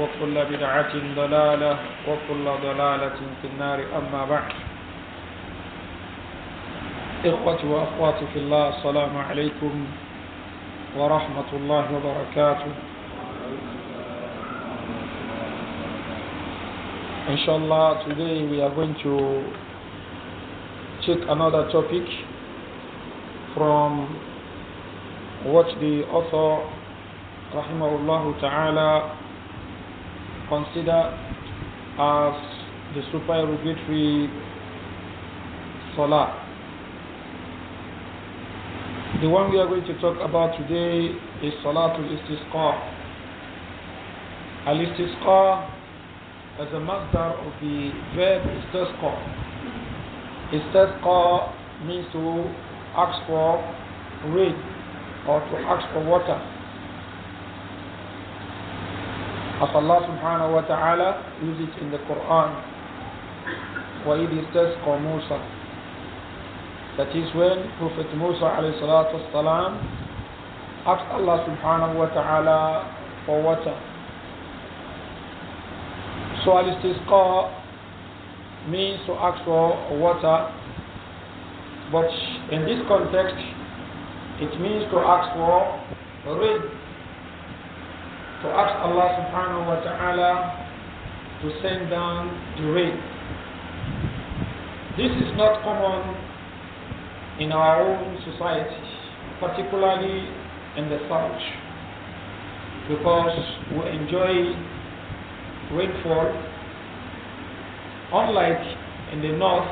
وكل بدعة ضلالة وكل ضلالة في النار أما بعد إخوتي وأخواتي في الله السلام عليكم ورحمة الله وبركاته Inshallah, today we are going to take another topic from what the author, Rahimahullah Ta'ala, consider as the supererogatory salah. The one we are going to talk about today is Salatul Istisqa. Al-Istisqa as a master of the verb istasqa. Istasqa means to ask for rain or to ask for water as Allah subhanahu wa ta'ala uses it in the Quran. وَإِذْ مُوسَى That is when Prophet Musa alayhi salatu wasalam asked Allah subhanahu wa ta'ala for water. So al-istisqa means to ask for water but in this context it means to ask for rain to ask Allah subhanahu wa ta'ala to send down the rain. This is not common in our own society, particularly in the south, because we enjoy rainfall, unlike in the north,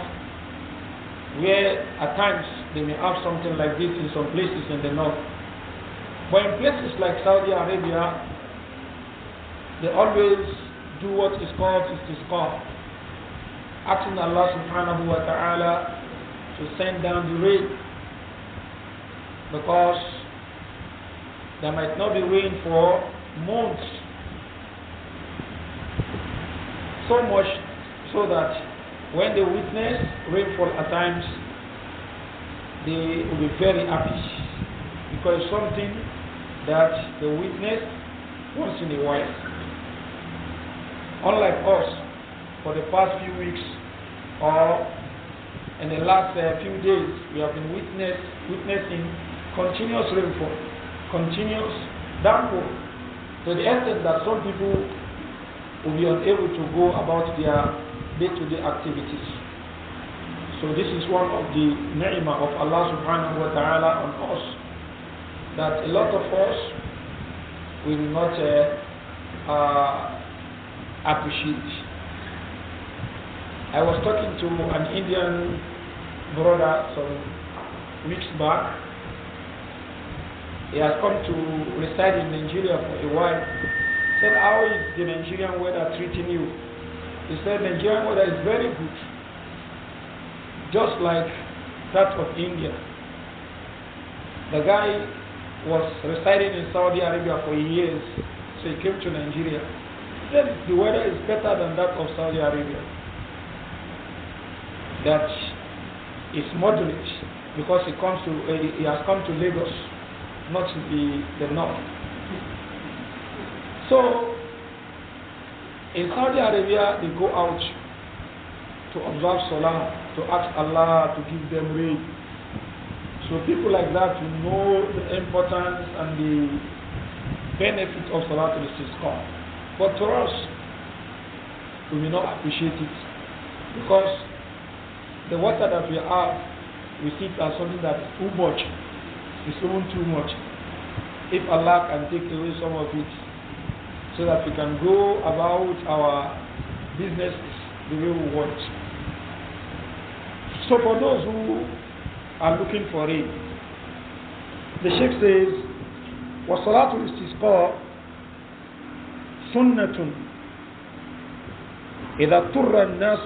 where at times they may have something like this in some places in the north. But in places like Saudi Arabia, they always do what is called istisqa, asking Allah subhanahu wa ta'ala to send down the rain because there might not be rain for months. So much so that when they witness rainfall at times, they will be very happy because something that they witness once in a while unlike us, for the past few weeks or in the last uh, few days, we have been witness, witnessing continuous rainfall, continuous downpour, to the extent that some people will be unable to go about their day-to-day activities. So this is one of the ni'mah of Allah subhanahu wa ta'ala on us, that a lot of us will not uh, uh, appreciate. I was talking to an Indian brother some weeks back. He has come to reside in Nigeria for a while. He said, How is the Nigerian weather treating you? He said, Nigerian weather is very good, just like that of India. The guy was residing in Saudi Arabia for years, so he came to Nigeria the weather is better than that of Saudi Arabia. That is moderate because it comes to he eh, has come to Lagos, not the the north. So in Saudi Arabia they go out to observe Salah, to ask Allah to give them rain. So people like that who know the importance and the benefit of Salah to the Sisqah. But for us, we will not appreciate it because the water that we have, we see it as something that is too much. It's even too much. If Allah can take away some of it so that we can go about our business the way we want. So for those who are looking for it, the Sheikh says, وَصَلَاةُ الْإِسْتِسْقَاءِ سنة إذا اضطر الناس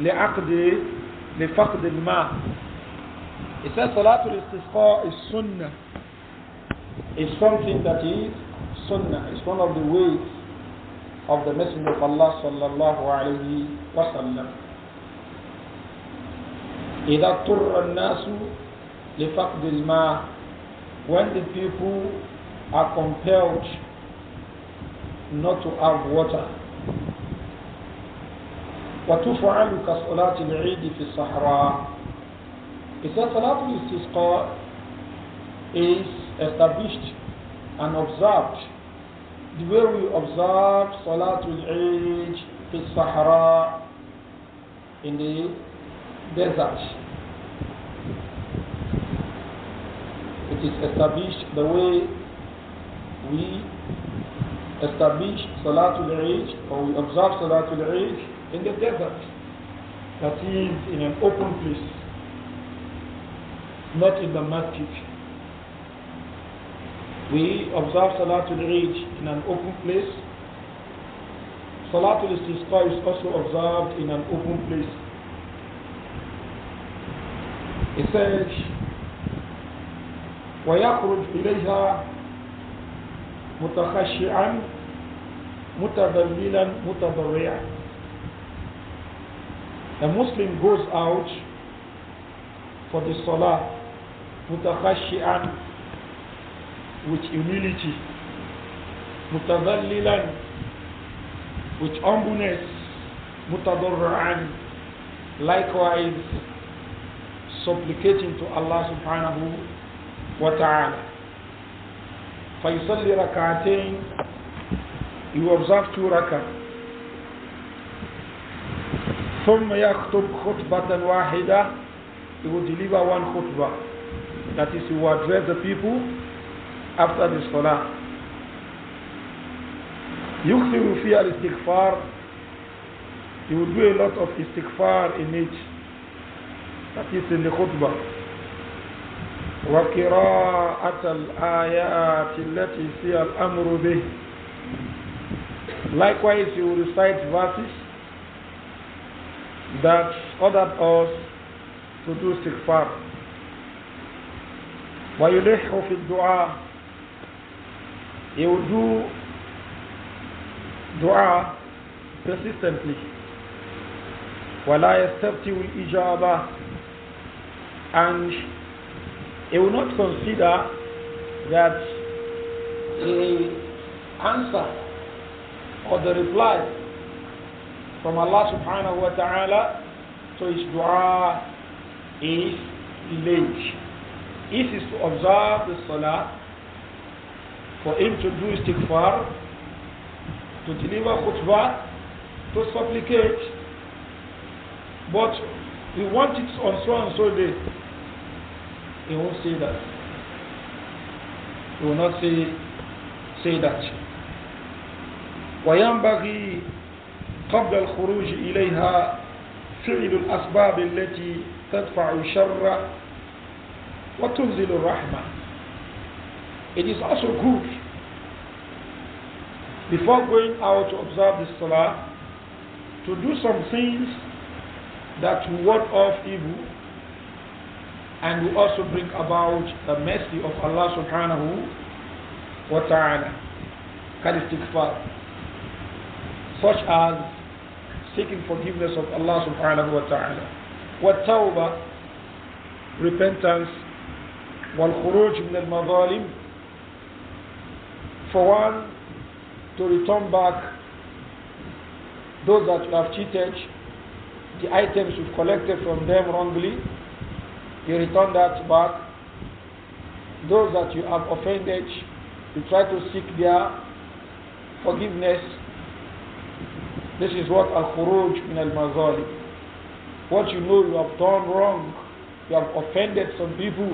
لعقد لفقد الماء إذا صلاة الاستسقاء السنة is something that is sunnah. It's one of the ways of the Messenger of Allah sallallahu alayhi wa sallam. إذا اضطر الناس لفقد الماء when the people are compelled not to have water. وتفعل كصلاة العيد في الصحراء. It says Salat al-Istisqa is established and observed the way we observe salat Salatul Eid في Sahara in the desert. It is established the way we establish Salatul Eid or we observe Salatul Eid in the desert. That is in an open place, not in the masjid. We observe Salatul Eid in an open place. Salatul Istisqa is also observed in an open place. It says, ويخرج إليها متخشعا mutadallilan mutadarri'an. A Muslim goes out for the salah mutakhashi'an with humility, mutadallilan with humbleness, mutadarra'an likewise supplicating to Allah subhanahu wa ta'ala. فيصلي ركعتين you observe two rakah ثم يخطب خطبة واحدة he will deliver one khutbah that is he will address the people after the salah يكثر فيها الاستغفار he will do a lot of istighfar in it that is in the khutbah وقراءة الآيات التي فيها الأمر به Likewise, you will recite verses that ordered us to do istighfar. وَيُلِحُّ فِي الدُّعَاءِ you will do dua persistently. وَلَا the ijabah, And he will not consider that the answer or the reply from Allah subhanahu wa ta'ala to his dua is late. This is to observe the salah, for him to do istighfar, to deliver khutbah, to supplicate, but we want it on so and so day, he won't say that. He will not say, say that. وينبغي قبل الخروج إليها فعل الأسباب التي تدفع الشر وتنزل الرحمة It is also good before going out to observe the Salah to do some things that will ward off evil and will also bring about the mercy of Allah subhanahu wa ta'ala. Kalistighfar such as seeking forgiveness of Allah subhanahu wa ta'ala. والتوبة repentance wal min al المظالم for one to return back those that you have cheated the items you've collected from them wrongly you return that back those that you have offended you try to seek their forgiveness this is what al-khuruj min al-mazalim. What you know you have done wrong, you have offended some people,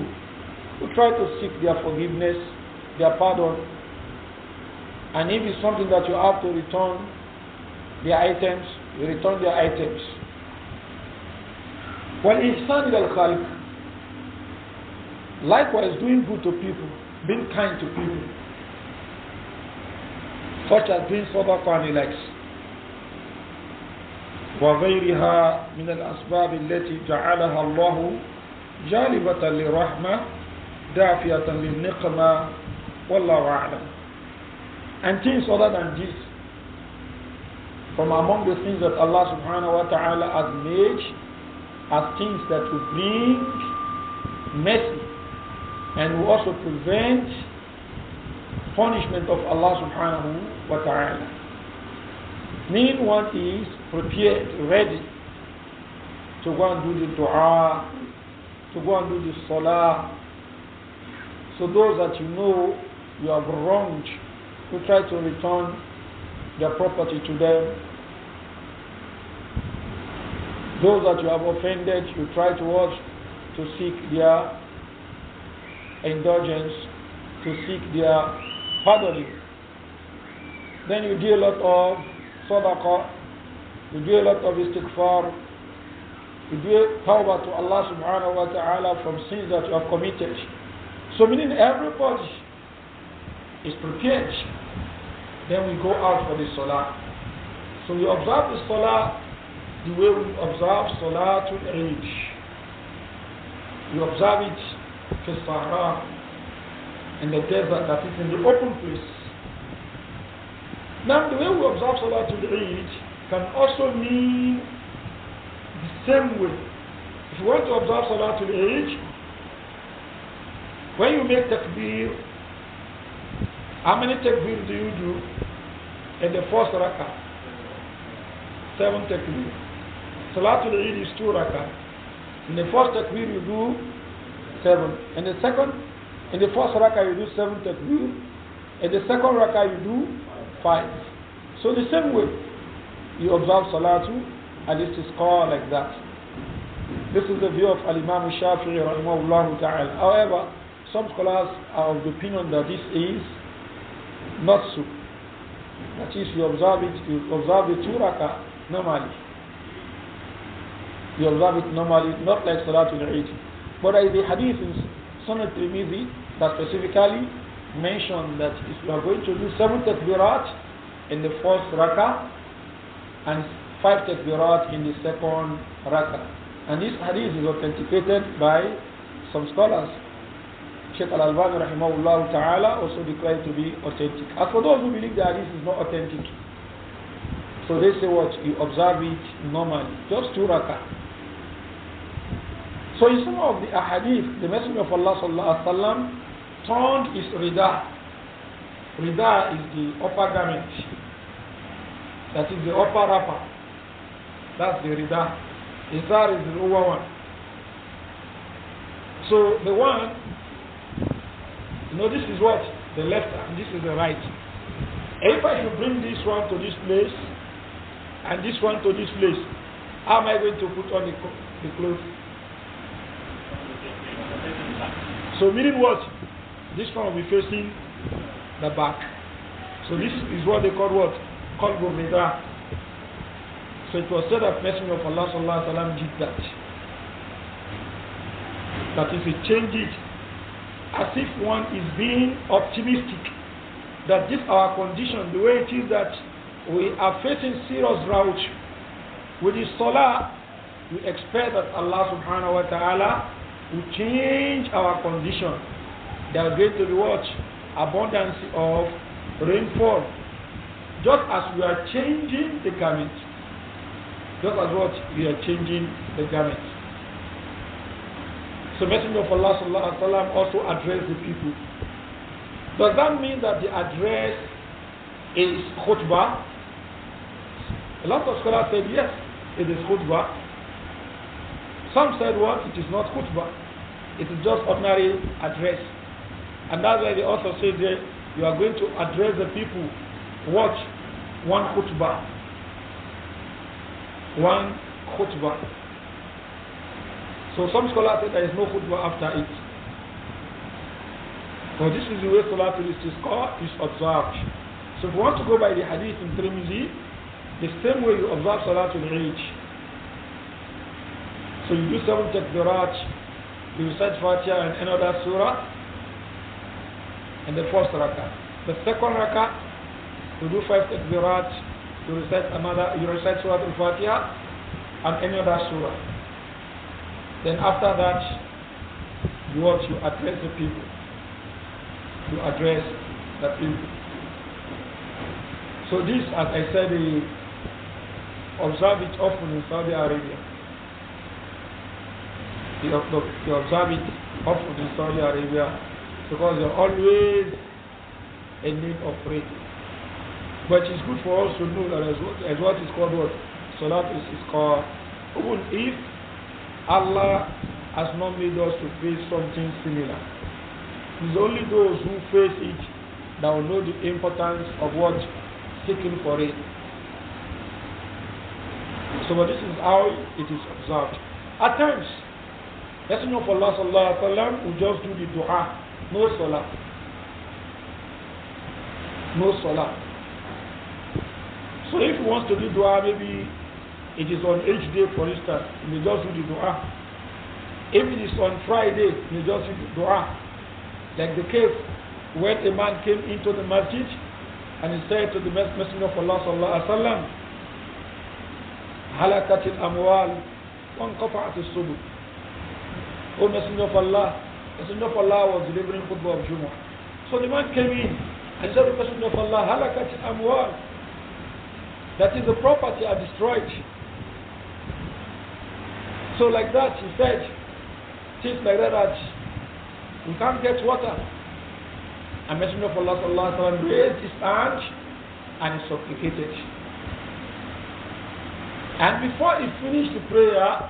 you try to seek their forgiveness, their pardon. And if it's something that you have to return their items, you return their items. When al لَلْخَالِقِ Likewise, doing good to people, being kind to people, such as being sober family likes. وغيرها من الأسباب التي جعلها الله جالبة للرحمة دافية للنقمة والله أعلم And things other than this from among the things that Allah subhanahu wa ta'ala has made are things that will bring mercy and will also prevent punishment of Allah subhanahu wa ta'ala. Mean one is prepared, ready to go and do the dua, to go and do the salah. So those that you know you have wronged, you try to return their property to them. Those that you have offended, you try to watch to seek their indulgence, to seek their pardoning. Then you do a lot of sadaqah, we do a lot of istighfar, we do tawbah to Allah subhanahu wa ta'ala from sins that you have committed. So meaning everybody is prepared. Then we go out for the salah. So we observe the salah the way we observe salah to Eid. We observe it في الصحراء in the desert that is in the open place. Now, the way we observe Salatul Eid can also mean the same way. If you want to observe Salatul Eid, when you make takbir, how many takbir do you do in the first rakah? Seven takbir. Salatul Eid is two rakah. In the first takbir you do seven. In the second, in the first rakah you do seven takbir. In the second rakah you do five. So the same way, you observe Salatu it is called like that. This is the view of Al-Imam Shafi'i ta'ala. However, some scholars are of the opinion that this is not so. That is, you observe it, you observe the two raka normally. You observe it normally, not like Salatul Eid. But there is a hadith in Sunnah Tirmidhi that specifically mentioned that if you are going to do seven takbirat in the first rakah and five takbirat in the second rakah. And this hadith is authenticated by some scholars. Sheikh Al-Albani rahimahullah ta'ala also declared to be authentic. As for those who believe that this is not authentic, so they say what? You observe it normally, just two rakah. So in some of the ahadith, the Messenger of Allah sallallahu alaihi wasallam Torn is rida. Rida is the upper garment. That is the upper wrapper. That's the rida. Rida is the lower one. So the one, you know, this is what? The left and this is the right. If I should bring this one to this place and this one to this place, how am I going to put on the, the clothes? So meaning what? This one will be facing the back. So this is what they call what? called Rida. So it was said that Messenger of Allah sallallahu alaihi wasallam did that. That if he changed it, as if one is being optimistic that this our condition, the way it is that we are facing serious drought, with the solar, we expect that Allah subhanahu wa ta'ala will change our condition. They are going to be what? Abundance of rainfall. Just as we are changing the garment. Just as what? We are changing the garment. So Messenger of Allah sallallahu alaihi wasallam also addressed the people. Does that mean that the address is khutbah? A lot of scholars said yes, it is khutbah. Some said what? Well, it is not khutbah. It is just ordinary address. And that's why the author said that you are going to address the people. Watch one khutbah. One khutbah. So some scholars say there is no khutbah after it. So this is the way Salatul Istisqa is observed. So if you want to go by the hadith in Tirmidhi, the same way you observe Salatul Eid. So you do seven takbirat, you recite Fatiha and another surah, in the first rakah. The second rakah, you do five takbirat, you recite another, you recite Surah Al-Fatiha and any other surah. Then after that, you want to address the people. You address the people. So this, as I said, we observe it often in Saudi Arabia. You observe it often in Saudi Arabia because there are always a need of prayer. But it's good for us to know that as what, as what is called what? Salat is, is called. Even if Allah has not made us to face something similar, it's only those who face it that will know the importance of what? Seeking for it. So this is how it is observed. At times, Messenger of Allah sallallahu Allah, wasallam will just do the dua no salah. No salah. So if he wants to do dua, maybe it is on each day, for instance, he just do the dua. If it is on Friday, he just do the dua. Like the case when a man came into the masjid and he said to the Messenger of Allah sallallahu alaihi wasallam, "Halakatil amwal, وانقطعت subuh." O Messenger of Allah, Messenger of Allah was delivering football of Juma. So the man came in and said the Messenger of Allah, Halakat Amwal. That is the property I destroyed. So like that, he said, "Chief like that that you can't get water. And Messenger of Allah sallallahu alaihi wasallam raised his hand and he supplicated. And before he finished the prayer,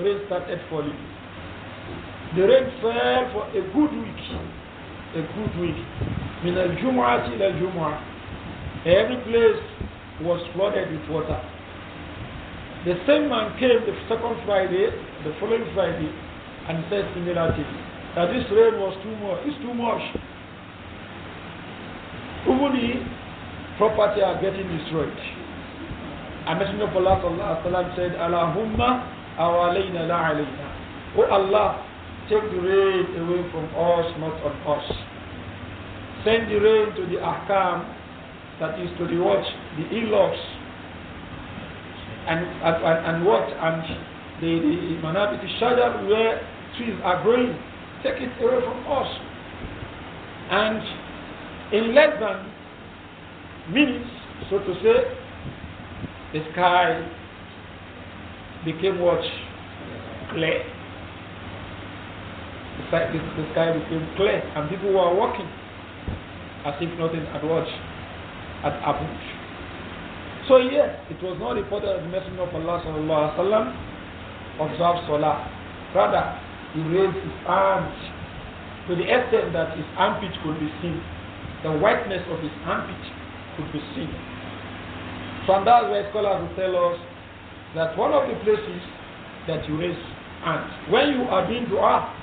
rain started falling. The rain fell for a good week. A good week. Min al till al-Jum'ah. Every place was flooded with water. The same man came the second Friday, the following Friday, and said similarly that this rain was too much. It's too much. Even property are getting destroyed. A messenger of Allah sallallahu alaihi wasallam said, "Allahumma awalayna la alayna." Oh Allah, Take the rain away from us, not on us. Send the rain to the akam, that is to the watch, the ilos, and, and, and what? And the, the manabiti shajar where trees are growing. Take it away from us. And in less than minutes, so to say, the sky became what? Clear. The sky, the, the sky became clear and people were walking as if nothing had watched had happened. So yes, it was not reported that the Messenger of Allah sallallahu alaihi wasallam observed salah. Rather, he raised his arms to the extent that his armpit could be seen. The whiteness of his armpit could be seen. So and that's why scholars will tell us that one of the places that you raise hands, when you are doing dua,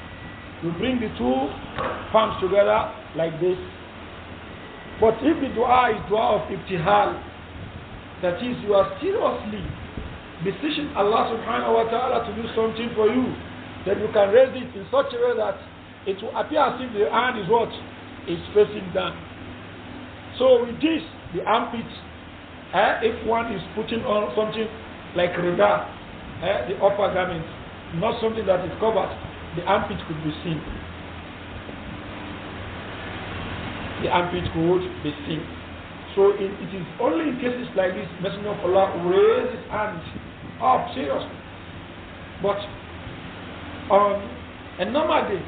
you bring the two palms together like this. But if the dua is dua of ibtihal, that is, you are seriously beseeching Allah subhanahu wa ta'ala to do something for you, then you can raise it in such a way that it will appear as if the hand is what? Is facing down. So with this, the armpit, eh, if one is putting on something like rida, eh, the upper garment, not something that is covered, the armpit could be seen. The armpit could be seen. So it, it is only in cases like this Messenger of Allah raises his hand up seriously. But on a normal day,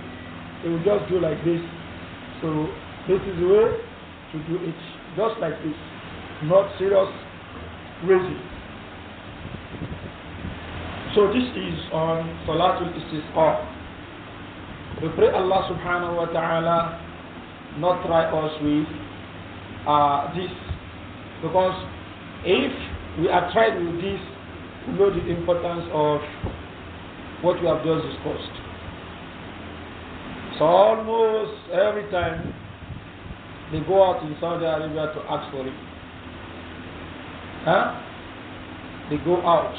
they will just do like this. So this is the way to do it, just like this, not serious raising. So this is on Salatul Istisqa. We pray Allah subhanahu wa ta'ala not try us with uh, this because if we are tried with this, we know the importance of what we have just discussed. So almost every time they go out in Saudi Arabia to ask for it. Huh? They go out.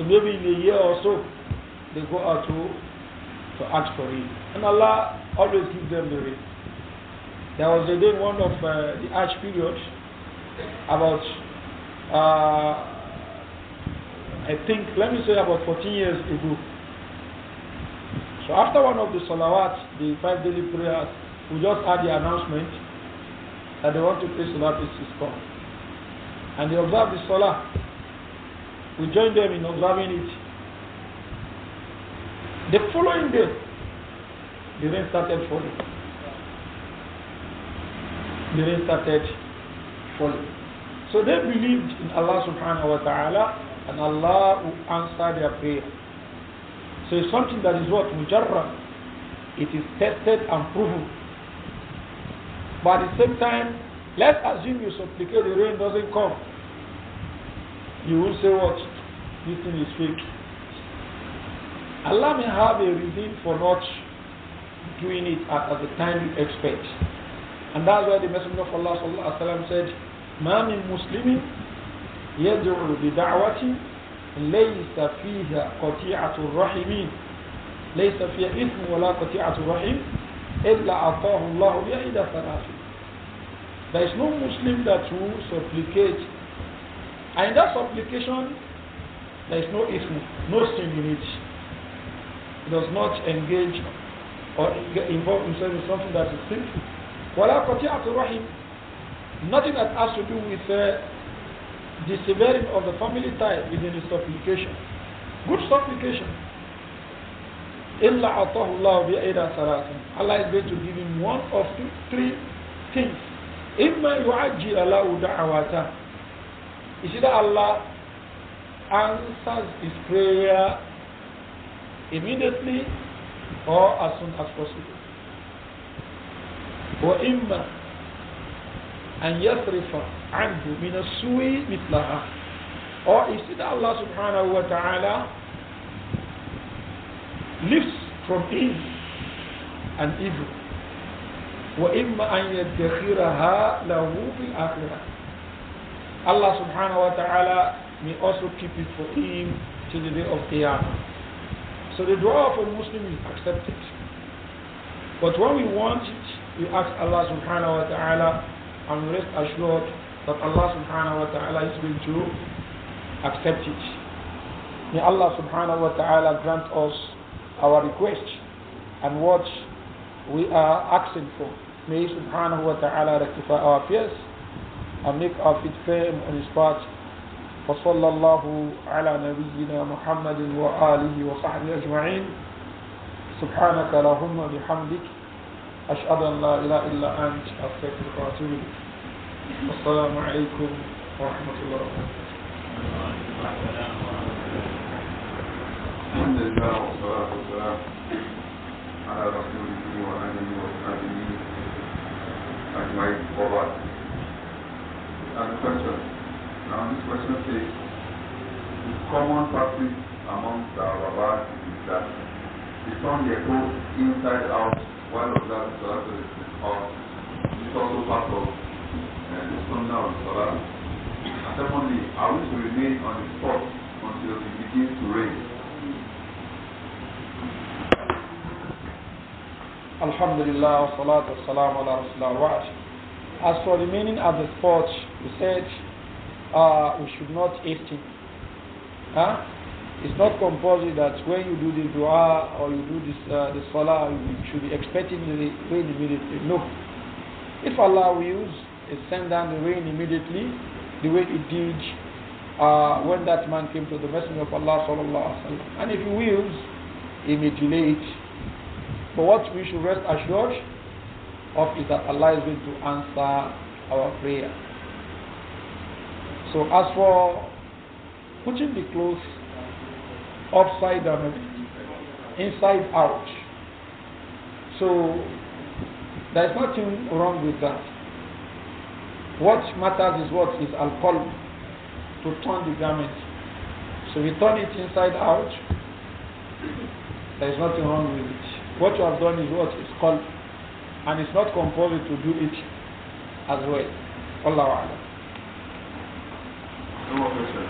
So maybe in a year or so, they go out to to ask for it. And Allah always gives them the rain. There was a day one of uh, the Hajj period about, uh, I think, let me say about 14 years ago. So after one of the salawat, the five daily prayers, we just had the announcement that they want to pray salat is come. And they observed the salah. We joined them in observing it. The following day, the rain started falling. The rain started falling. So they believed in Allah subhanahu wa ta'ala and Allah will answer their prayer. So it's something that is what? Mujarrab. It is tested and proven. But at the same time, let's assume you supplicate the rain doesn't come. You will say what? This thing is fake. Allah may have a reason for not doing it at, at the time you expect. And that's why the Messenger of Allah sallallahu said, "ما من مسلم يدعو بدعوة ليس فيها قطيعة الرحم ليس فيها إثم ولا قطيعة الرحم إلا أعطاه الله بها إلى There is no Muslim that will supplicate, and in that supplication, there is no ism, no sin in it does not engage or involve himself in something that is sinful. وَلَا قَطِعَةُ رَحِمٍ Nothing that has to do with uh, the severing of the family tie within the supplication. Good supplication. إِلَّا أَعْطَهُ bi aida سَرَاتٍ Allah is going to give him one of two, three things. إِمَّا يُعَجِّلَ لَهُ دَعَوَاتَهُ You see that Allah answers his prayer immediately or as soon as possible. وإما أن يصرف عنه من السوء مثلها or is Allah subhanahu wa ta'ala lifts from him an evil وإما أن يدخرها له في الآخرة Allah subhanahu wa ta'ala may also keep it for him till the day of Qiyamah so the dua a Muslim is accepted. But when we want it, we ask Allah subhanahu wa ta'ala and rest assured that Allah subhanahu wa ta'ala is going to accept it. May Allah subhanahu wa ta'ala grant us our request and what we are asking for. May subhanahu wa ta'ala rectify our fears and make our feet firm on his path وصلى الله على نبينا محمد وآله وصحبه أجمعين سبحانك اللهم بحمدك أشهد أن لا إله إلا أنت أستغفرك وأتوب إليك والسلام عليكم ورحمة الله وبركاته الحمد لله والصلاة والسلام على رسوله وآله وصحبه أجمعين وبعد الكسر Now this question says, the common practice amongst our rabbis is that the son they go inside out while observing Salat out. This is also part of uh, the sunnah of Salat. And secondly, I we to remain on the spot until it begins to rain. Alhamdulillah, salatu ala rasulullah As for remaining at the spot, we said uh, we should not eat Huh? It's not compulsory that when you do this dua or you do this, uh, this salah, you should be expecting the rain immediately. No. If Allah wills, it send down the rain immediately, the way it did uh, when that man came to the Messenger of Allah sallallahu alaihi wasallam. And if he wills, he may delay it. But what we should rest assured of is that Allah is going to answer our prayer. So as for putting the clothes upside down, inside out, so there's nothing wrong with that. What matters is what is alcohol to turn the garment. So we turn it inside out. There's nothing wrong with it. What you have done is what is called, and it's not compulsory to do it as well. Allah Allah. No officer.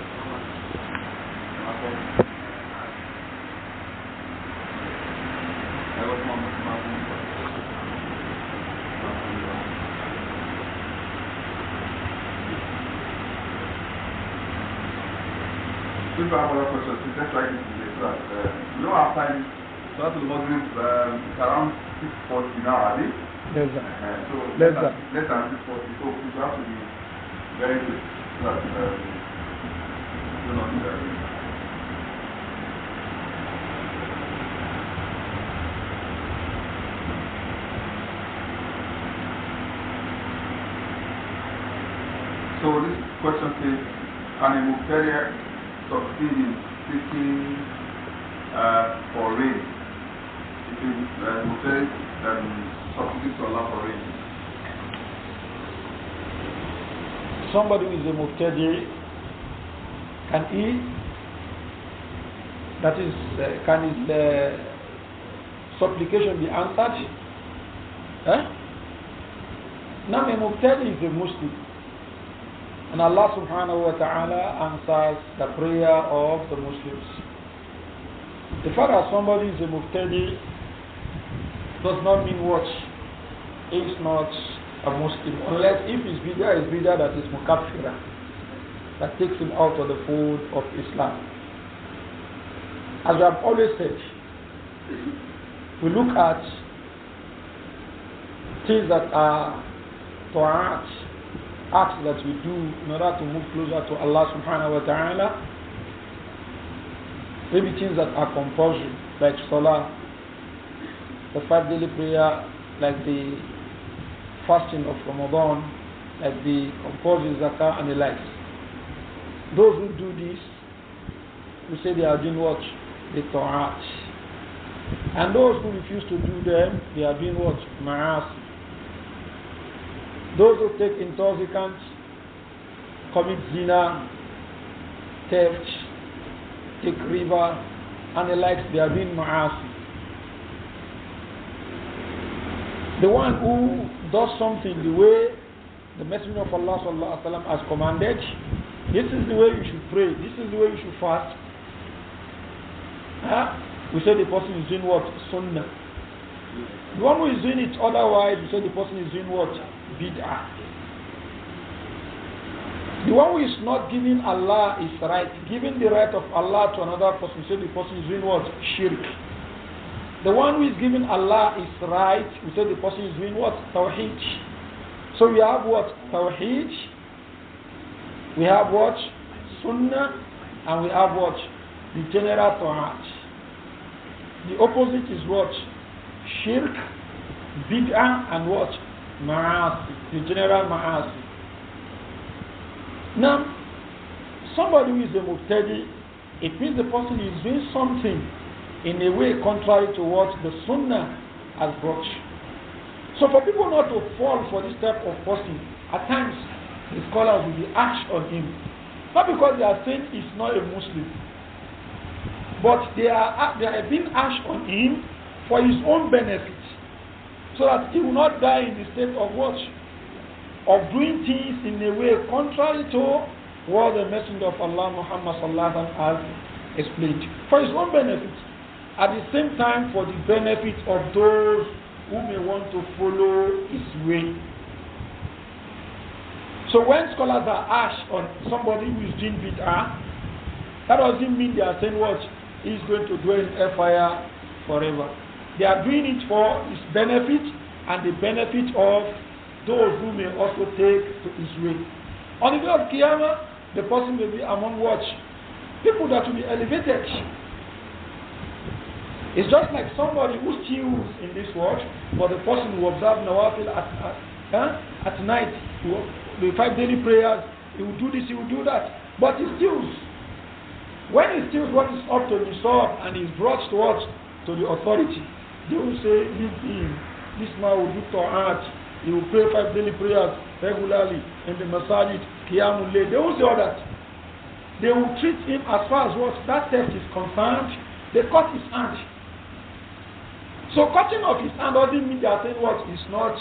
have other questions, it's just like this today. that, you know, after Salatul Maghrib um, it's around 6.40 now, are they? Yes, sir. Uh, so less than, 6.40, so we have to be very so this question says, can a Mukhtaria succeed in speaking uh, for rain? If a uh, Mukhtaria um, succeeds Allah for rain? Somebody who is a Mukhtaria can he, that is, uh, can his uh, supplication be answered? Eh? Now, a Muqtadi is a Muslim. And Allah subhanahu wa ta'ala answers the prayer of the Muslims. The fact that somebody is a Muqtadi does not mean what? He is not a Muslim. Unless if his bidah is bidah that is muqafira that takes him out of the fold of Islam. As I have always said, we look at things that are act acts that we do in order to move closer to Allah subhanahu wa ta'ala. Maybe things that are compulsory, like salah, the five daily prayer, like the fasting of Ramadan, like the compulsory zakah and the likes. Those who do this, we say they are doing what? The Torah. And those who refuse to do them, they are doing what? Ma'as. Those who take intoxicants, commit zina, theft, take riba, and the likes, they are doing ma'as. The one who does something the way the Messenger of Allah has commanded, this is the way you should pray. This is the way you should fast. Huh? We say the person is doing what? Sunnah. The one who is doing it otherwise, we say the person is doing what? Bid'ah. The one who is not giving Allah is right, giving the right of Allah to another person, we say the person is doing what? Shirk. The one who is giving Allah is right, we say the person is doing what? Tawheed. So we have what? Tawheed we have what? Sunnah and we have what? The general Torah. The opposite is what? Shirk, Bid'ah and what? Ma'asi. The general Ma'asi. Now, somebody who is a Muqtadi, it means the person is doing something in a way contrary to what the Sunnah has brought. So for people not to fall for this type of person, at times the scholars will be ash on him. Not because they are saying he's not a Muslim, but they are, they are being asked on him for his own benefit so that he will not die in the state of what? Of doing things in a way contrary to what the Messenger of Allah Muhammad has explained. For his own benefit. At the same time, for the benefit of those who may want to follow his way. So when scholars are harsh on somebody who is doing bid'ah, that doesn't mean they are saying what is going to dwell in fire forever. They are doing it for his benefit and the benefit of those who may also take to his way. On the day of Qiyamah, the person may be among watch. People that will be elevated. It's just like somebody who steals in this world, but the person who observes Nawafil at, at Huh? At night, the five daily prayers, he will do this, he will do that. But he steals. When he steals what is up to himself and he brought to us, to the authority, they will say, This man will do to art. He will pray five daily prayers regularly in the will qiyamul They will say all that. They will treat him as far as what that theft is concerned. They cut his hand. So cutting off his hand doesn't mean they are saying what is not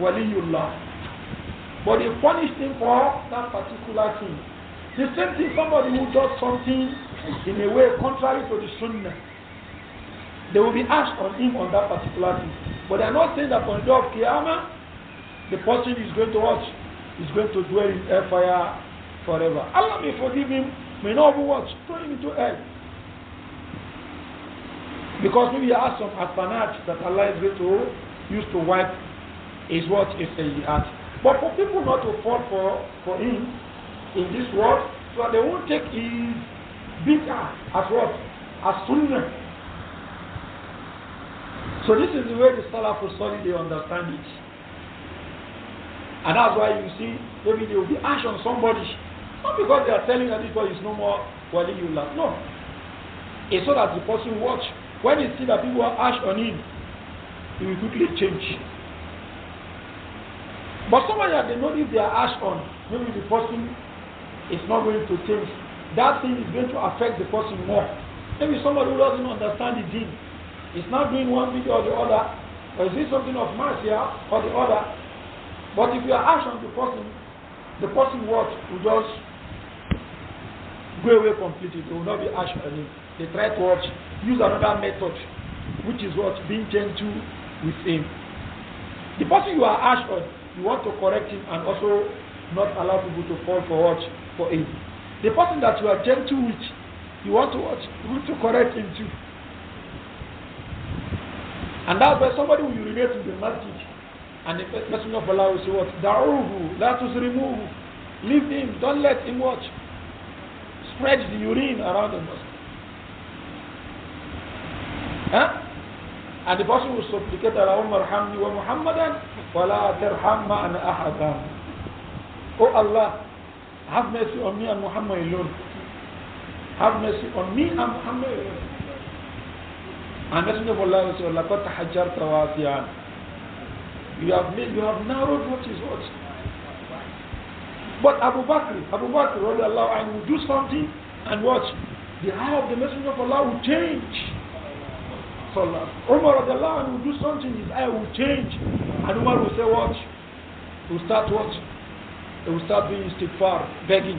Waliyullah. But they punished him for that particular thing. The same thing somebody who does something in a way contrary to the sunnah. They will be asked on him on that particular thing. But they are not saying that on the day of Qiyamah, the person is going to watch, is going to dwell in hellfire forever. Allah may forgive him, may not be what? Throw him into hell. Because maybe ask have some apanage that Allah is going to use to wipe is what is the heart, But for people not to fall for, for him in this world, so they won't take his bitter as what? As sunnah. So this is the way the Salafus Salih, they understand it. And that's why you see, maybe they will be ash on somebody. Not because they are telling that this one is no more love. No. It's so that the person watch. When he see that people are ash on him, he will quickly change. But somebody that they know if they are ash on, maybe the person is not going to change. That thing is going to affect the person more. Maybe somebody who doesn't understand the deen is not doing one video or the other, or is it something of marcia or the other. But if you are ash on the person, the person what will just go away completely. They will not be ash on him. They try to watch, use another method, which is what being gentle with him. The person you are ash on you want to correct him and also not allow people to fall for what? For him. The person that you are gentle with, you want to watch, You want to correct him too. And that's where somebody will relate to the masjid and the person of Allah will say what? Da'uhu, let us remove. Leave him, don't let him watch. Spread the urine around the mosque. Huh? And the person will supplicate, Allahumma arhamni wa Muhammadan wa la terham ma'ana ahadan. Oh Allah, have mercy on me and Muhammad alone. Have mercy on me and Muhammad alone. And Messenger of Allah said, لَقَدْ تَحَجَّرْتَ وَاسِعًا You have made, you have narrowed what is what. But Abu Bakr, Abu Bakr, Allah, I will do something and watch. The eye of the Messenger of Allah will change. Sallam. Umar of the land will do something, his eye will change. And Umar will say what? He will start what? He will start being istighfar, begging.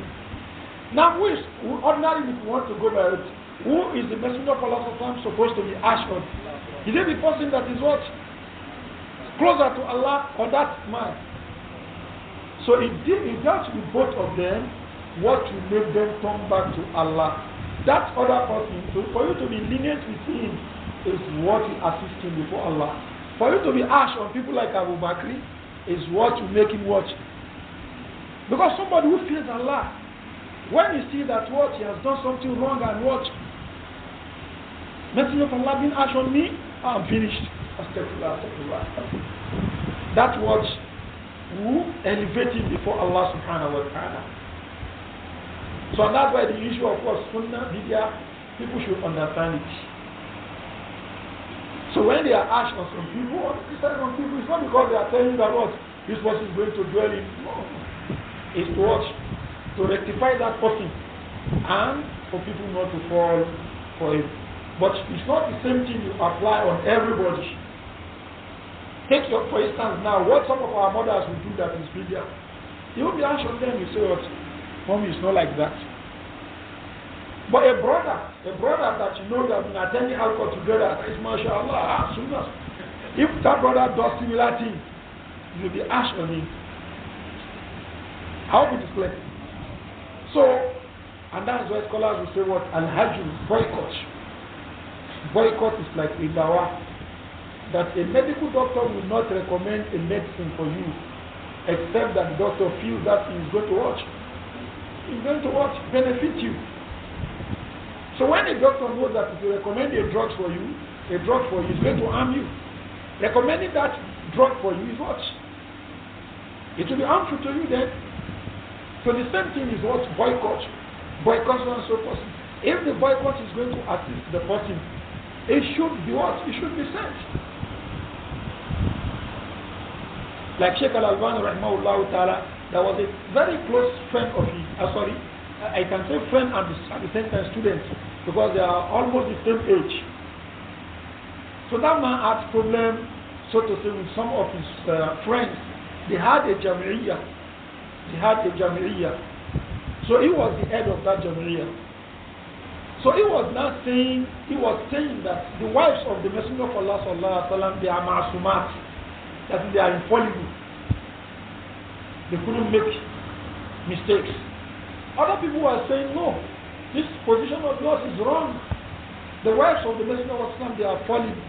Now who is, who ordinarily if you want to go by it, who is the messenger of Allah supposed to be asked on? Is it the person that is what? Closer to Allah or that man? So it, it dealt with both of them, what will make them turn back to Allah. That other person, so for you to be lenient with him, is what he assisting him before Allah. For you to be harsh on people like Abu Bakr is what will make him watch. Because somebody who fears Allah, when he sees that what he has done something wrong and what, Messenger of Allah being harsh on me, I'm finished. Astaghfirullah, astaghfirullah. That what who elevate him before Allah subhanahu wa ta'ala. So that's why the issue of what sunnah, media, people should understand it. So when they are asked on some people, what oh, is criticizing on people, it's not because they are telling you that what this person is going to dwell in. No. It's to watch, to rectify that person and for people not to fall for it. But it's not the same thing you apply on everybody. Take your, for instance, now what some of our mothers will do that is bigger. You will be asking them. You say, what? Mommy, it's not like that. But a brother, a brother that you know that been attending alcohol together, is mashallah, as soon as. If that brother does similar thing, you'll be asked on him. How it is clear. So, and that's why scholars will say what? Al Hajj boycott. Boycott is like a dawa. That a medical doctor will not recommend a medicine for you except that the doctor feels that he is going to watch. He's going to watch benefit you. So when a doctor knows that if you recommend a drug for you, a drug for you is going to harm you. Recommending that drug for you is what? It will be harmful to you then. So the same thing is what boycott. Boycott so and so forth. If the boycott is going to assist the person, it should be what? It should be sent. Like Sheikh Al Alban, Rahmahullah Ta'ala, that was a very close friend of his, uh, sorry, I can say friend and at the same time student because they are almost the same age. So that man had problem, so to say, with some of his uh, friends. They had a jamiria. They had a jamiria. So he was the head of that jamiria. So he was not saying, he was saying that the wives of the Messenger of Allah sallallahu alaihi wasallam, they are masumat, that they are infallible. They couldn't make mistakes. Other people were saying, no, this position of yours is wrong. The wives of the Messenger of Islam, they are falling.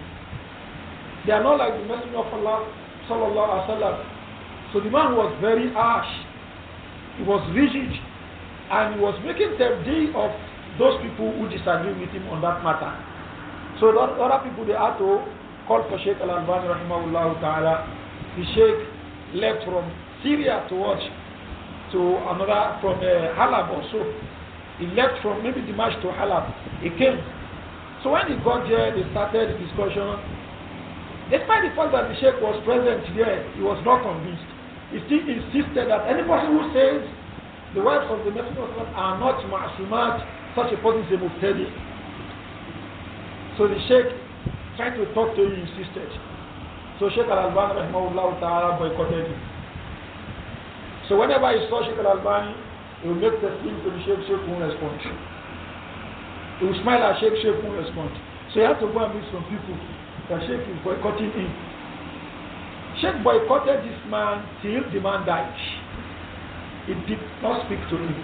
They are not like the Messenger of Allah, sallallahu alaihi wasallam. So the man was very harsh. He was rigid. And he was making the day of those people who disagree with him on that matter. So the other people, they had to call for Sheikh Al-Albani, rahimahullah ta'ala. The Sheikh left from Syria to watch to another from uh, Halab or so. He left from maybe Dimash to Halab. He came. So when he got there, they started the discussion. Despite the fact that the Sheikh was present there, he was not convinced. He still insisted that any person who says the wives of the Messenger are not ma'asumat, such a person is a muftadi. So the Sheikh tried to talk to him, insisted. So Sheikh Al-Alban, rahimahullah ta'ala, boycotted him. So whenever he saw Sheikh al-Albani, he would make the thing to the Sheikh, Sheikh won't respond. He would smile at Sheikh, Sheikh won't respond. So he had to go and meet some people that Sheikh is boycotting him. Sheikh boycotted this man till the man died. He did not speak to him.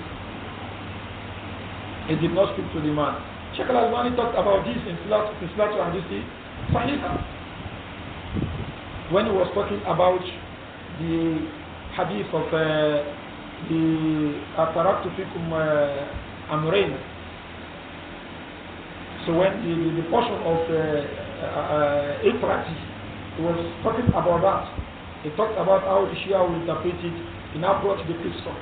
He did not speak to the man. Sheikh al-Albani talked about this in Filato and this Sahih. When he was talking about the hadith of uh, the Ataraktu Fikum uh, So when the, the, the portion of uh, uh, uh was talking about that, he talked about how the Shia will interpret it, he now brought the Qissa.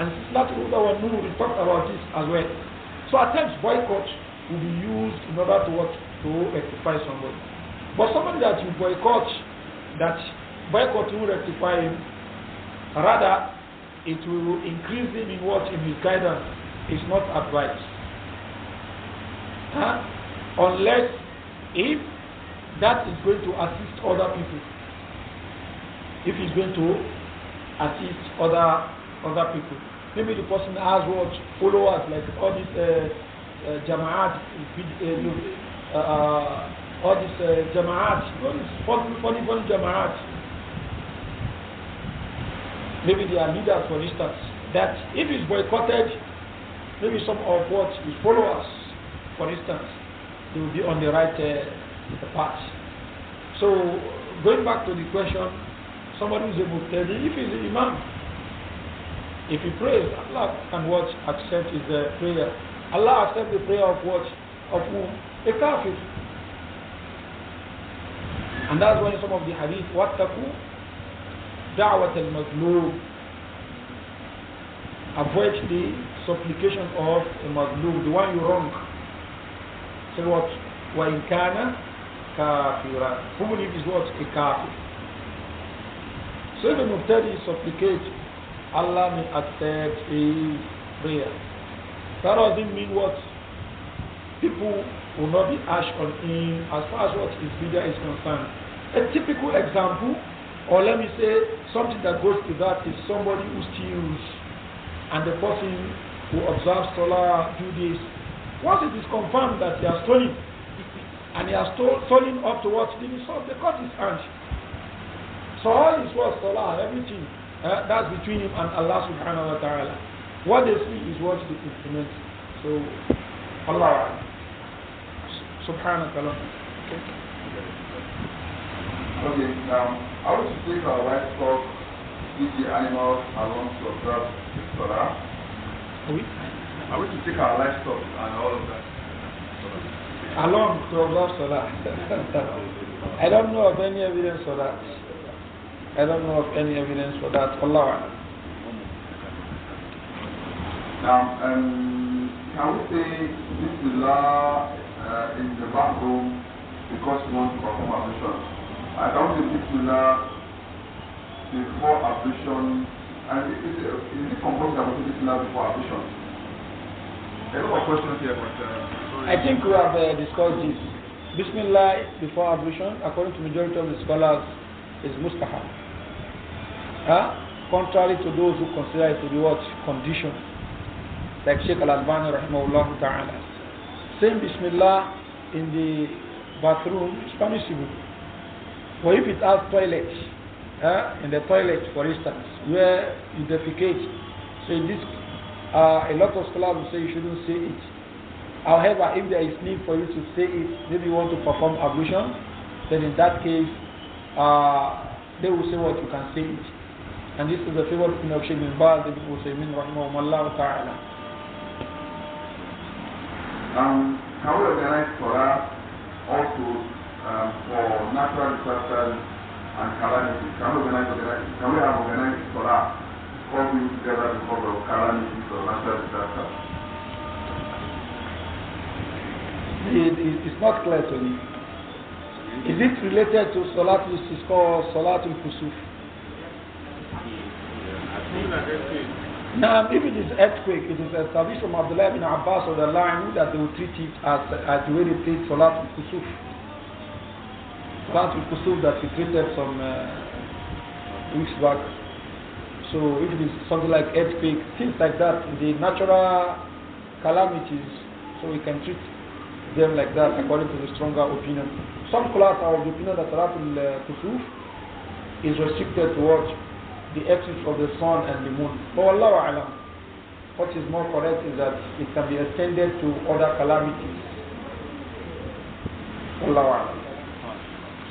And Sislatul Uda Nur, will talked about this as well. So at times boycott will be used in order to what? To rectify somebody. But somebody that you boycott, that boycott will rectify him, Rather, it will increase him in what? In his guidance. It's not advice. Huh? Unless if that is going to assist other people. If it's going to assist other other people. Maybe the person has what followers like all these uh, uh, jamaat, uh, all these jamaat, all these funny funny jamaat maybe their leaders, for instance, that if it's boycotted, maybe some of what his followers, for instance, they will be on the right uh, path. So, going back to the question, somebody is a Muqtadi, if he's an Imam, if he prays, Allah can what? Accept his uh, prayer. Allah accept the prayer of what? Of whom? A kafir. And that's when some of the hadith, what وَاتَّقُوا da'wat al-mazlum. Avoid the supplication of a mazlum, the one you wrong. Say what? in كَانَ كَافِرًا Who believe is what? A kafir. So the Mubtadi supplicates, Allah may accept his prayer. That doesn't mean what? People will not be harsh on him as far as what his video is concerned. A typical example or let me say, something that goes to that is somebody who steals and the person who observes solar do this. Once it is confirmed that he has stolen, and he has stolen up to what the nisab, the court is hand. So all his was solar everything, uh, that's between him and Allah subhanahu wa ta'ala. What they see is what they implement. So, Allah, subhanahu wa ta'ala. Okay. okay um. I want to take our livestock, the animals, along to observe the Salah? I want to take our livestock and all of that? Along to observe solar. I don't know of any evidence for that. I don't know of any evidence for that. Allah. Now, um, can we say this is uh, in the bathroom because we want to perform ablutions. I don't think people now before abortion and is it, is it composed about people now before abortion? A lot of questions here, but uh, I think we have uh, discussed this. Bismillah before ablution, according to majority of the scholars, is mustahab. Huh? Contrary to those who consider it to be what condition, like Sheikh Al Albani rahimahullah ta'ala. Same Bismillah in the bathroom is permissible. For if it has toilet, uh, in the toilet, for instance, where you defecate, so in this, uh, a lot of scholars say you shouldn't say it. However, if there is need for you to say it, maybe you want to perform ablution, then in that case, uh, they will say what you can say it. And this is the favorite opinion of Shaykh bin Baz, Ibn Usaymin, Allah ta'ala. Um, how we organize Torah also um, for natural disasters and calamities? Can we organize, organize can we have organized collab all we together because of calamities or natural disasters? It, it, it's not clear to me. Is it related to Salat which is called Salatul Kusuf? Now, if it is earthquake, it is a service from Abdullah bin Abbas or the line that they will treat it as, as the way they treat Salatul Kusuf part of Kusur that we treated some uh, weeks back. So if it is something like earthquake, things like that, the natural calamities, so we can treat them like that according to the stronger opinion. Some class are of the opinion that Salatul uh, Kusuf is restricted towards the axis of the sun and the moon. But Allah Alam, what is more correct is that it can be extended to other calamities. Allah. Alam.